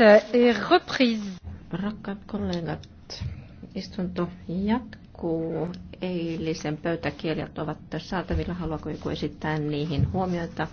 est reprise. Rakkaat kollegat, istunto jatkuu. Eilisen pöytäkirjat ovat saatavilla. Haluaako joku esittää niihin huomioita?